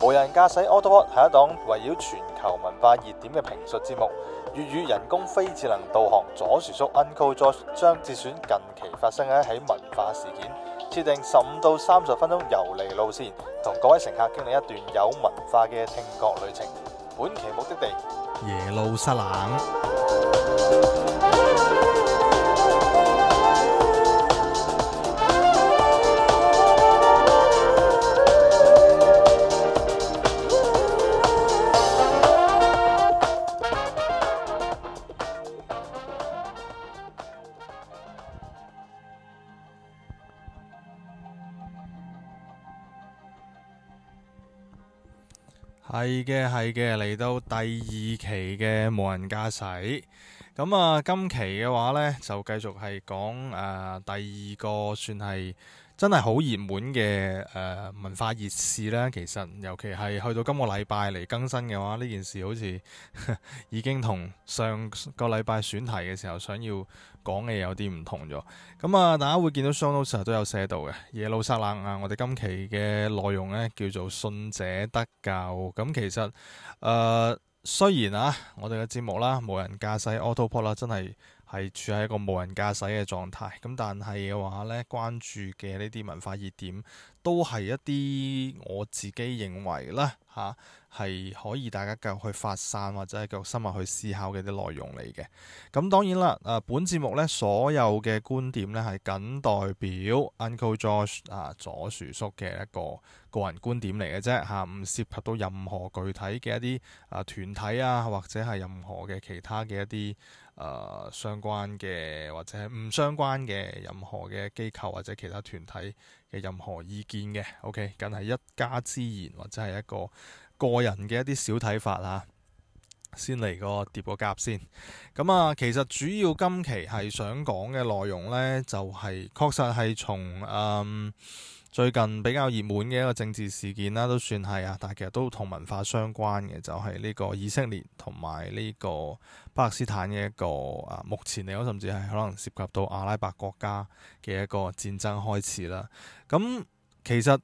無人駕駛 AutoPod 係一檔圍繞全球文化熱點嘅評述節目。粵語人工非智能導航左薯叔 Uncle Josh 將節選近期發生嘅一起文化事件。設定十五到三十分鐘遊離路線，同各位乘客經歷一段有文化嘅聽覺旅程。本期目的地：耶路撒冷。係嘅，係嘅，嚟到第二期嘅無人駕駛。咁啊，今期嘅話呢，就繼續係講誒第二個算係。真係好熱門嘅誒、呃、文化熱事啦，其實尤其係去到今個禮拜嚟更新嘅話，呢件事好似已經同上個禮拜選題嘅時候想要講嘅有啲唔同咗。咁、嗯、啊，大家會見到 Show Notes 成日都有寫到嘅《耶路撒冷》，啊，我哋今期嘅內容呢叫做《信者得救》嗯。咁其實誒、呃、雖然啊，我哋嘅節目啦無人駕駛 AutoPod 啦，真係～係處喺一個無人駕駛嘅狀態，咁但係嘅話呢關注嘅呢啲文化熱點都係一啲我自己認為啦吓，係、啊、可以大家繼續去發散或者係繼續深入去思考嘅啲內容嚟嘅。咁當然啦，誒、啊、本節目呢所有嘅觀點呢，係僅代表 Uncle Josh 啊左薯叔嘅一個個人觀點嚟嘅啫吓，唔、啊、涉及到任何具體嘅一啲啊團體啊或者係任何嘅其他嘅一啲。誒、呃、相關嘅或者係唔相關嘅任何嘅機構或者其他團體嘅任何意見嘅，OK，梗係一家之言或者係一個個人嘅一啲小睇法嚇。先嚟個碟個夾先咁啊！其實主要今期係想講嘅內容呢，就係、是、確實係從誒、嗯、最近比較熱門嘅一個政治事件啦，都算係啊。但係其實都同文化相關嘅，就係、是、呢個以色列同埋呢個巴勒斯坦嘅一個啊，目前嚟講甚至係可能涉及到阿拉伯國家嘅一個戰爭開始啦。咁其實誒呢、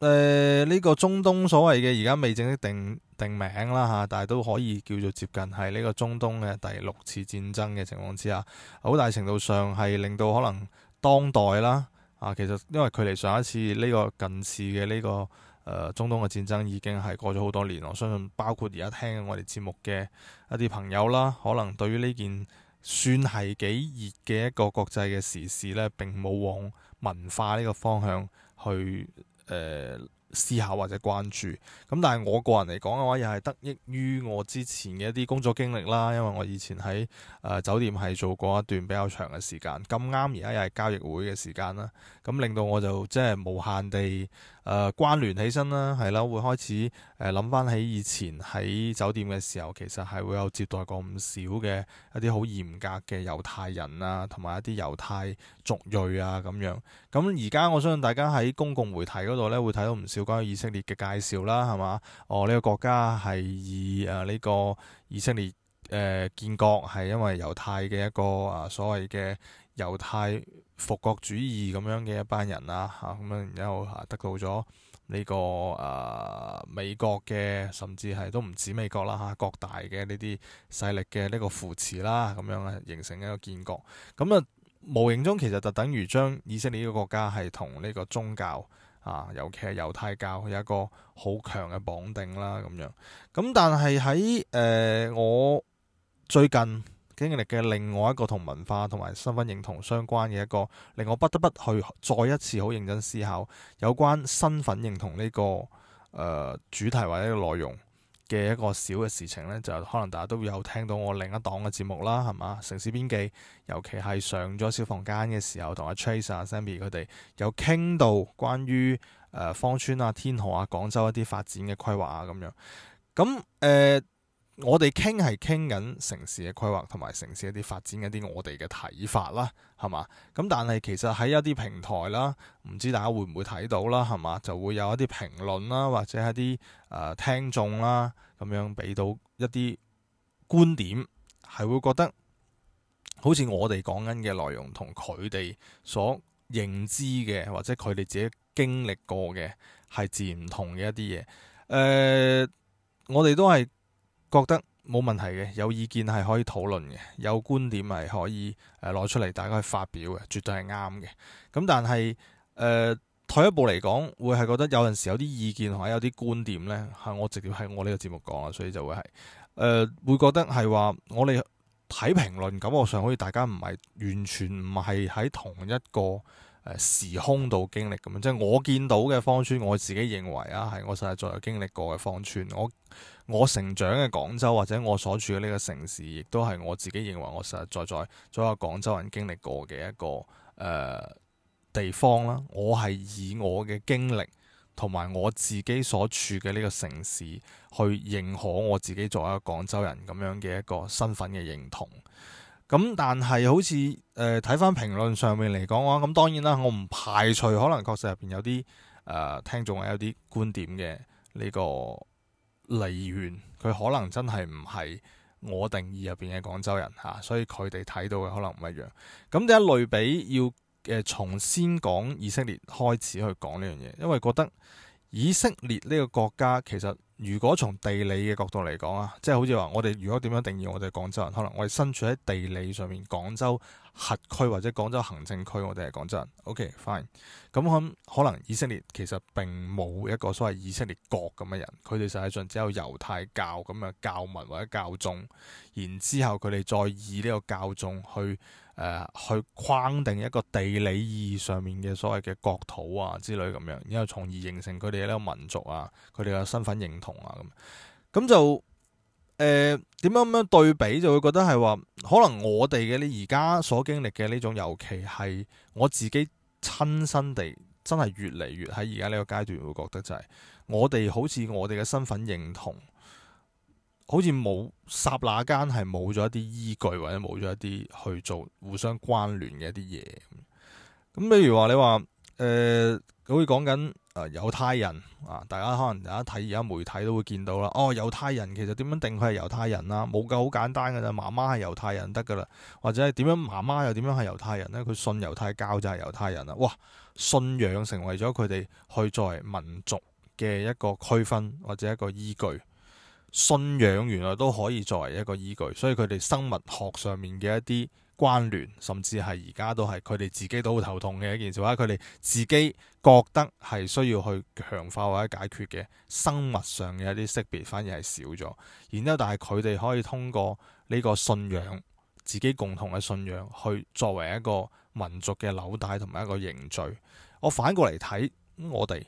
呃呢個中東所謂嘅而家未正式定。定名啦吓，但係都可以叫做接近係呢個中東嘅第六次戰爭嘅情況之下，好大程度上係令到可能當代啦啊，其實因為距離上一次呢個近次嘅呢個誒、呃、中東嘅戰爭已經係過咗好多年，我相信包括而家聽緊我哋節目嘅一啲朋友啦，可能對於呢件算係幾熱嘅一個國際嘅時事咧，並冇往文化呢個方向去誒。呃思考或者關注，咁但係我個人嚟講嘅話，又係得益於我之前嘅一啲工作經歷啦，因為我以前喺誒、呃、酒店係做過一段比較長嘅時間，咁啱而家又係交易會嘅時間啦，咁令到我就即係無限地。誒、呃、關聯起身啦、啊，係啦、啊，會開始誒諗翻起以前喺酒店嘅時候，其實係會有接待過唔少嘅一啲好嚴格嘅猶太人啊，同埋一啲猶太族裔啊咁樣。咁而家我相信大家喺公共媒體嗰度呢，會睇到唔少關於以色列嘅介紹啦，係嘛？哦，呢、呢個國家係以誒呢、啊呢個以色列誒、呃、建國係因為猶太嘅一個啊所謂嘅猶太，復國主義咁樣嘅一班人啊，嚇咁樣，然之後啊得到咗呢、這個誒、呃、美國嘅，甚至係都唔止美國啦嚇，各大嘅呢啲勢力嘅呢個扶持啦，咁樣咧形成一個建國。咁啊，無形中其實就等於將以色列呢個國家係同呢個宗教啊，尤其係猶太教有一個好強嘅綁定啦，咁樣。咁但係喺誒我最近。經歷嘅另外一個同文化同埋身份認同相關嘅一個，令我不得不去再一次好認真思考有關身份認同呢、這個誒、呃、主題或者內容嘅一個小嘅事情呢，就可能大家都有聽到我另一檔嘅節目啦，係嘛？城市編記，尤其係上咗小房間嘅時候，同阿 Trace、阿 Sammy 佢哋有傾到關於誒芳村啊、天河啊、廣州一啲發展嘅規劃啊咁樣，咁、嗯、誒。呃我哋傾係傾緊城市嘅規劃同埋城市一啲發展一啲我哋嘅睇法啦，係嘛？咁但係其實喺一啲平台啦，唔知大家會唔會睇到啦，係嘛？就會有一啲評論啦，或者一啲誒、呃、聽眾啦，咁樣俾到一啲觀點，係會覺得好似我哋講緊嘅內容同佢哋所認知嘅，或者佢哋自己經歷過嘅係自然唔同嘅一啲嘢。誒、呃，我哋都係。覺得冇問題嘅，有意見係可以討論嘅，有觀點係可以誒攞、呃、出嚟大家去發表嘅，絕對係啱嘅。咁、嗯、但係誒、呃、退一步嚟講，會係覺得有陣時有啲意見或者有啲觀點呢，係我直接喺我呢個節目講啦，所以就會係誒、呃、會覺得係話我哋睇評論感覺上好似大家唔係完全唔係喺同一個誒時空度經歷咁樣，即係我見到嘅芳村，我自己認為啊，係我實實在在經歷過嘅芳村。我我成長嘅廣州或者我所住所處嘅呢個城市，亦都係我自己認為我實實在在作為一個廣州人經歷過嘅一個誒、呃、地方啦。我係以我嘅經歷同埋我自己所處嘅呢個城市去認可我自己作為一個廣州人咁樣嘅一個身份嘅認同。咁但係好似誒睇返評論上面嚟講嘅話，咁、啊、當然啦，我唔排除可能確實入邊有啲誒、呃、聽眾啊有啲觀點嘅呢、這個離怨，佢可能真係唔係我定義入邊嘅廣州人嚇、啊，所以佢哋睇到嘅可能唔一樣。咁第一類比要誒、呃、從先講以色列開始去講呢樣嘢，因為覺得以色列呢個國家其實。如果從地理嘅角度嚟講啊，即係好似話我哋如果點樣定義我哋係廣州人，可能我哋身處喺地理上面廣州核區或者廣州行政區，我哋係廣州人。OK，fine。咁可能以色列其實並冇一個所謂以色列國咁嘅人，佢哋實際上只有猶太教咁嘅教民或者教宗，然之後佢哋再以呢個教宗去。誒、呃，去框定一個地理意義上面嘅所謂嘅國土啊之類咁樣，然後從而形成佢哋呢個民族啊，佢哋嘅身份認同啊咁，咁就誒點、呃、樣咁樣對比就會覺得係話，可能我哋嘅呢而家所經歷嘅呢種尤其係我自己親身地真係越嚟越喺而家呢個階段會覺得就係、是，我哋好似我哋嘅身份認同。好似冇霎那間係冇咗一啲依據或者冇咗一啲去做互相關聯嘅一啲嘢咁。咁、嗯、比如話你話誒，好似講緊誒猶太人啊，大家可能大家睇而家媒體都會見到啦。哦，猶太人其實點樣定佢係猶太人啦、啊？冇咁好簡單噶啦，媽媽係猶太人得噶啦，或者係點樣媽媽又點樣係猶太人呢？佢信猶太教就係猶太人啦。哇，信仰成為咗佢哋去作為民族嘅一個區分或者一個依據。信仰原來都可以作為一個依據，所以佢哋生物學上面嘅一啲關聯，甚至係而家都係佢哋自己都好頭痛嘅一件事。或者佢哋自己覺得係需要去強化或者解決嘅生物上嘅一啲識別，反而係少咗。然之後，但係佢哋可以通過呢個信仰，自己共同嘅信仰去作為一個民族嘅紐帶同埋一個凝聚。我反過嚟睇我哋。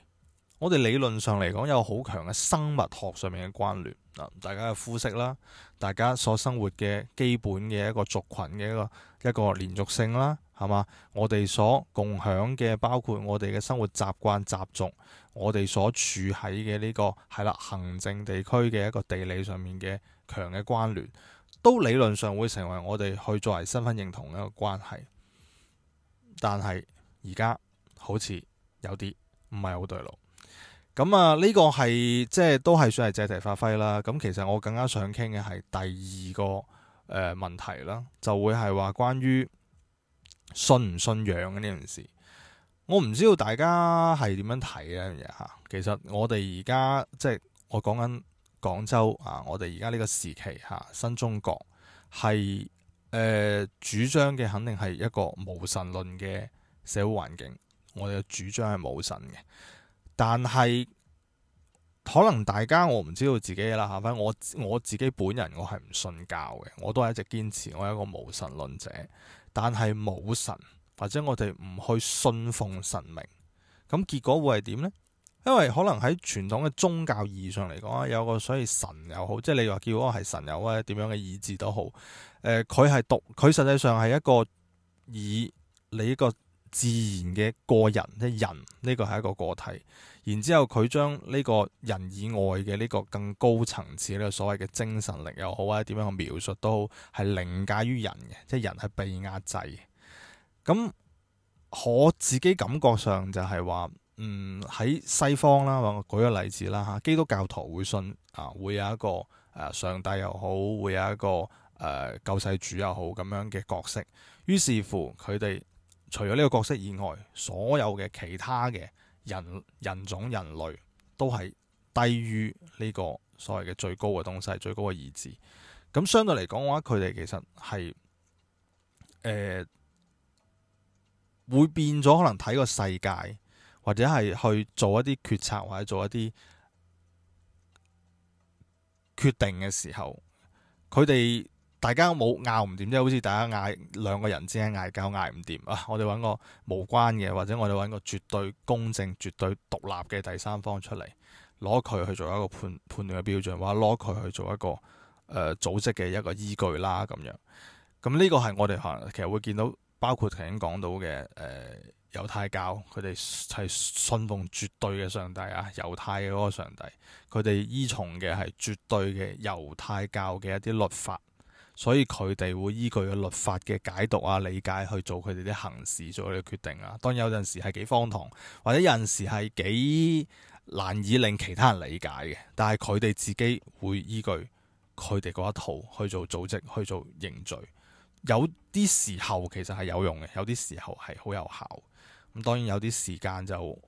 我哋理論上嚟講有好強嘅生物學上面嘅關聯啊，大家嘅膚色啦，大家所生活嘅基本嘅一個族群嘅一個一個連續性啦，係嘛？我哋所共享嘅包括我哋嘅生活習慣、習俗，我哋所住喺嘅呢個係啦，行政地區嘅一個地理上面嘅強嘅關聯，都理論上會成為我哋去作為身份認同嘅一個關係。但係而家好似有啲唔係好對路。咁啊，呢個係即係都係算係借題發揮啦。咁其實我更加想傾嘅係第二個誒問題啦，就會係話關於信唔信仰嘅呢件事。我唔知道大家係點樣睇呢樣嘢嚇。其實我哋而家即係我講緊廣州啊，我哋而家呢個時期嚇新中國係誒主張嘅，肯定係一個無神論嘅社會環境。我哋嘅主張係無神嘅。但係可能大家我唔知道自己啦嚇，反正我我自己本人我係唔信教嘅，我都係一直堅持我係一個無神論者。但係冇神或者我哋唔去信奉神明，咁結果會係點呢？因為可能喺傳統嘅宗教意義上嚟講啊，有個所謂神又好，即係你話叫嗰個係神又好，或者點樣嘅意志都好，佢係獨佢實際上係一個以你個自然嘅個人，即人，呢個係一個個體。然之後佢將呢個人以外嘅呢個更高層次，呢個所謂嘅精神力又好啊，或者點樣去描述都好係凌駕於人嘅，即係人係被壓制。咁我自己感覺上就係話，嗯，喺西方啦，我舉個例子啦嚇，基督教徒會信啊，會有一個誒上帝又好，會有一個誒救世主又好咁樣嘅角色。於是乎佢哋。除咗呢個角色以外，所有嘅其他嘅人、人種、人類都係低於呢個所謂嘅最高嘅東西、最高嘅意志。咁相對嚟講嘅話，佢哋其實係誒、呃、會變咗可能睇個世界，或者係去做一啲決策或者做一啲決定嘅時候，佢哋。大家冇拗唔掂，即係好似大家嗌兩個人之間嗌交，嗌唔掂啊。我哋揾個無關嘅，或者我哋揾個絕對公正、絕對獨立嘅第三方出嚟，攞佢去做一個判判斷嘅標準，或者攞佢去做一個誒、呃、組織嘅一個依據啦。咁樣咁呢、嗯呢個係我哋可能其實會見到，包括頭先講到嘅誒、呃、猶太教，佢哋係信奉絕對嘅上帝啊，猶太嘅嗰個上帝，佢哋依從嘅係絕對嘅猶太教嘅一啲律法。所以佢哋會依據嘅律法嘅解讀啊、理解去做佢哋啲行事、做佢哋決定啊。當然，有陣時係幾荒唐，或者有陣時係幾難以令其他人理解嘅。但係佢哋自己會依據佢哋嗰一套去做組織、去做凝聚。有啲時候其實係有用嘅，有啲時候係好有效。咁當然有啲時間就誒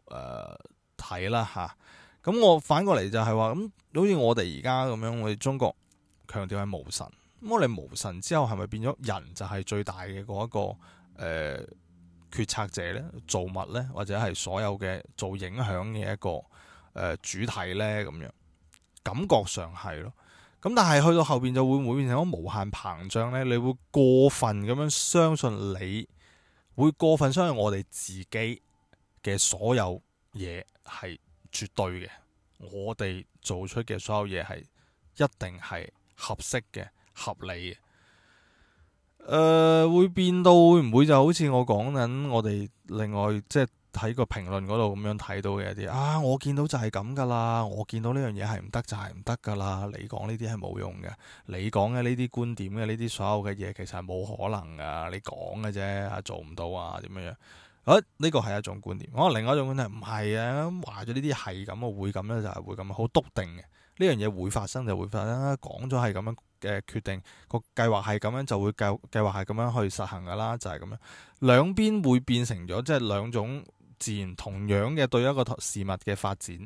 睇、呃、啦吓。咁、啊、我反過嚟就係話咁，好似我哋而家咁樣，我哋中國強調係無神。咁我哋無神之後，係咪變咗人就係最大嘅嗰一個誒、呃、決策者呢？做物呢？或者係所有嘅做影響嘅一個誒、呃、主體呢？咁樣感覺上係咯。咁但係去到後邊就會唔會變成一種無限膨脹呢？你會過分咁樣相信，你會過分相信我哋自己嘅所有嘢係絕對嘅，我哋做出嘅所有嘢係一定係合適嘅。合理嘅，誒、呃，會變到會唔會就好似我講緊我哋另外即係喺個評論嗰度咁樣睇到嘅一啲啊。我見到就係咁噶啦，我見到呢樣嘢係唔得就係唔得噶啦。你講呢啲係冇用嘅，你講嘅呢啲觀點嘅呢啲所有嘅嘢，其實係冇可能噶。你講嘅啫，做唔到啊，點樣樣？誒、啊，呢、呢個係一種觀點，可、啊、能另外一種觀點唔係啊。咁話咗呢啲係咁啊，會咁咧就係會咁，好篤定嘅呢樣嘢會發生就會發生啦、啊。講咗係咁樣。嘅決定，個計劃係咁樣就會計計劃係咁樣去實行噶啦，就係咁樣。兩邊會變成咗，即係兩種自然同樣嘅對一個事物嘅發展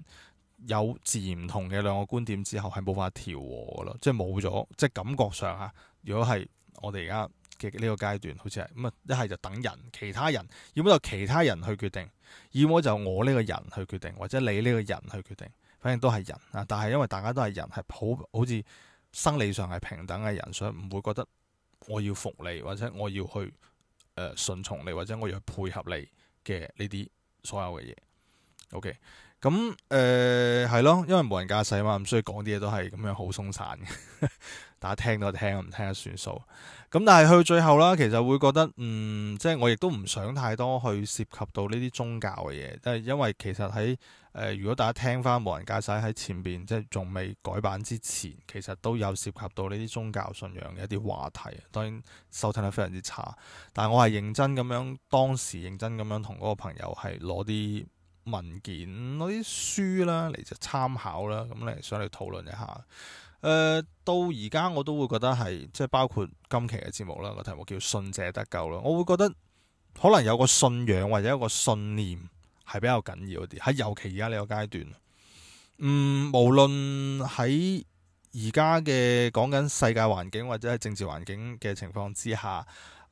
有自然唔同嘅兩個觀點之後，係冇法調和噶咯，即係冇咗。即係感覺上啊，如果係我哋而家嘅呢個階段，好似係咁啊，一係就等人，其他人，要冇就其他人去決定，要冇就我呢個人去決定，或者你呢個人去決定，反正都係人啊。但係因為大家都係人，係好好似，生理上係平等嘅人，所以唔會覺得我要服你，或者我要去誒、呃、順從你，或者我要去配合你嘅呢啲所有嘅嘢。OK，咁誒係咯，因為無人駕駛嘛，咁所以講啲嘢都係咁樣好鬆散嘅， 大家聽都聽，唔聽就算數。咁但係去到最後啦，其實會覺得嗯，即、就、係、是、我亦都唔想太多去涉及到呢啲宗教嘅嘢，都係因為其實喺。誒、呃，如果大家聽翻無人駕駛喺前邊，即係仲未改版之前，其實都有涉及到呢啲宗教信仰嘅一啲話題。當然收聽得非常之差，但係我係認真咁樣，當時認真咁樣同嗰個朋友係攞啲文件、攞啲書啦嚟就參考啦，咁嚟想嚟討論一下。誒、呃，到而家我都會覺得係，即係包括今期嘅節目啦，個題目叫信者得救咯。我會覺得可能有個信仰或者有個信念。係比較緊要啲，喺尤其而家呢個階段，嗯，無論喺而家嘅講緊世界環境或者係政治環境嘅情況之下，誒、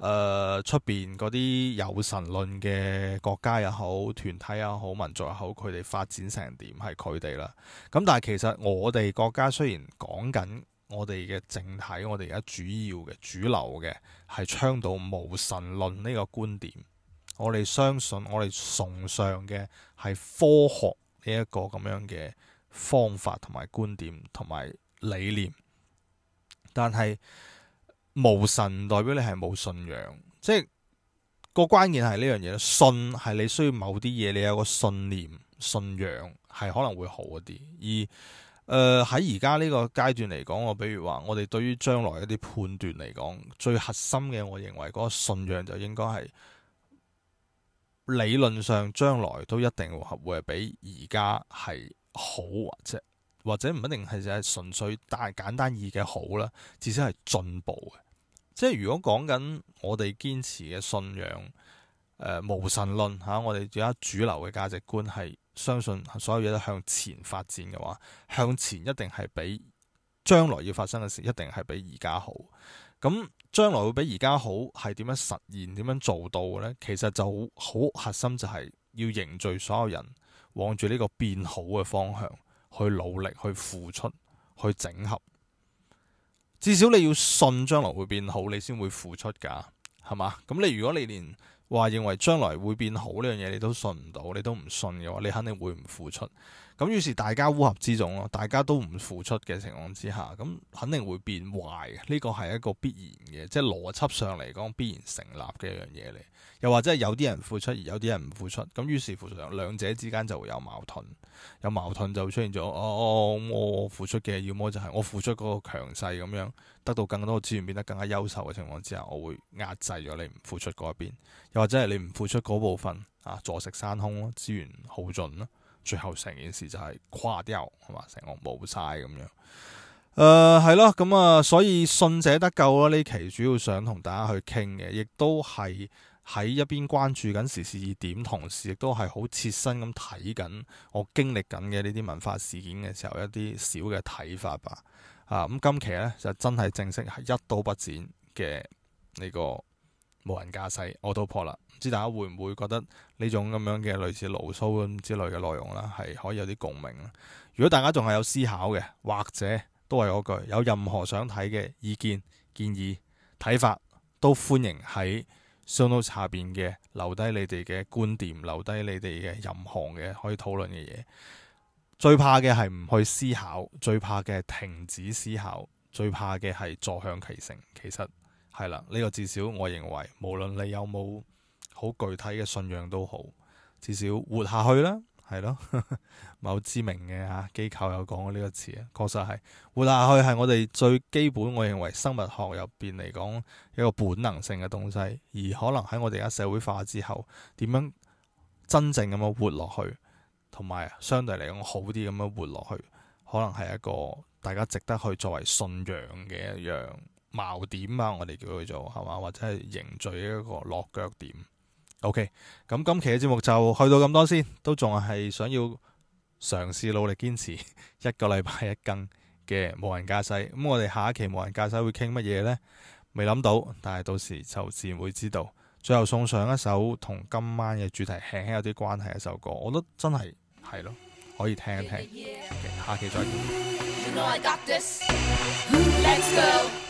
呃，出邊嗰啲有神論嘅國家又好，團體又好，民族又好，佢哋發展成點係佢哋啦。咁但係其實我哋國家雖然講緊我哋嘅政體，我哋而家主要嘅主流嘅係倡導無神論呢個觀點。我哋相信我哋崇尚嘅係科學呢一個咁樣嘅方法同埋觀點同埋理念，但係無神代表你係冇信仰，即係個關鍵係呢樣嘢。信係你需要某啲嘢，你有個信念、信仰係可能會好一啲。而誒喺而家呢個階段嚟講，我比如話我哋對於將來一啲判斷嚟講，最核心嘅我認為嗰個信仰就應該係。理論上將來都一定會係比而家係好，或者或者唔一定係就係純粹但簡單易嘅好啦，至少係進步嘅。即係如果講緊我哋堅持嘅信仰，誒、呃、無神論嚇、啊，我哋而家主流嘅價值觀係相信所有嘢都向前發展嘅話，向前一定係比將來要發生嘅事，一定係比而家好。咁將來會比而家好，係點樣實現？點樣做到嘅呢？其實就好核心就係要凝聚所有人，往住呢個變好嘅方向去努力，去付出，去整合。至少你要信將來會變好，你先會付出㗎，係嘛？咁你如果你連話認為將來會變好呢樣嘢，你都信唔到，你都唔信嘅話，你肯定會唔付出。咁於是大家烏合之眾咯，大家都唔付出嘅情況之下，咁肯定會變壞。呢個係一個必然嘅，即係邏輯上嚟講必然成立嘅一樣嘢嚟。又或者係有啲人付出，而有啲人唔付出。咁於是乎兩者之間就會有矛盾，有矛盾就會出現咗。我、哦、我、哦、我付出嘅，要麼就係、是、我付出個強勢咁樣，得到更多資源變得更加優秀嘅情況之下，我會壓制咗你唔付出嗰一邊。又或者係你唔付出嗰部分啊，坐食山空咯，資源耗盡咯，最後成件事就係垮掉係嘛，成個冇晒。咁樣。誒係咯，咁啊、嗯，所以信者得救啦。呢期主要想同大家去傾嘅，亦都係喺一邊關注緊時事熱點，同時亦都係好切身咁睇緊我經歷緊嘅呢啲文化事件嘅時候一啲小嘅睇法吧。啊，咁、嗯、今期呢，就真係正式係一刀不剪嘅呢個。無人駕駛我都破啦，唔知大家會唔會覺得呢種咁樣嘅類似牢騷咁之類嘅內容啦，係可以有啲共鳴。如果大家仲係有思考嘅，或者都係嗰句，有任何想睇嘅意見、建議、睇法，都歡迎喺 show notes 下邊嘅留低你哋嘅觀點，留低你哋嘅任何嘅可以討論嘅嘢。最怕嘅係唔去思考，最怕嘅係停止思考，最怕嘅係坐享其成。其實。係啦，呢、這個至少我認為，無論你有冇好具體嘅信仰都好，至少活下去啦，係咯，某知名嘅吓機構有講過呢個詞啊，確實係活下去係我哋最基本，我認為生物學入邊嚟講一個本能性嘅東西，而可能喺我哋而家社會化之後，點樣真正咁樣活落去，同埋相對嚟講好啲咁樣活落去，可能係一個大家值得去作為信仰嘅一樣。矛點啊！我哋叫佢做係嘛，或者係凝聚一個落腳點。OK，咁今期嘅節目就去到咁多先，都仲係想要嘗試努力堅持一個禮拜一更嘅無人駕駛。咁我哋下一期無人駕駛會傾乜嘢呢？未諗到，但係到時就自然會知道。最後送上一首同今晚嘅主題輕輕有啲關係嘅一首歌，我覺得真係係咯，可以聽一聽。下期再見。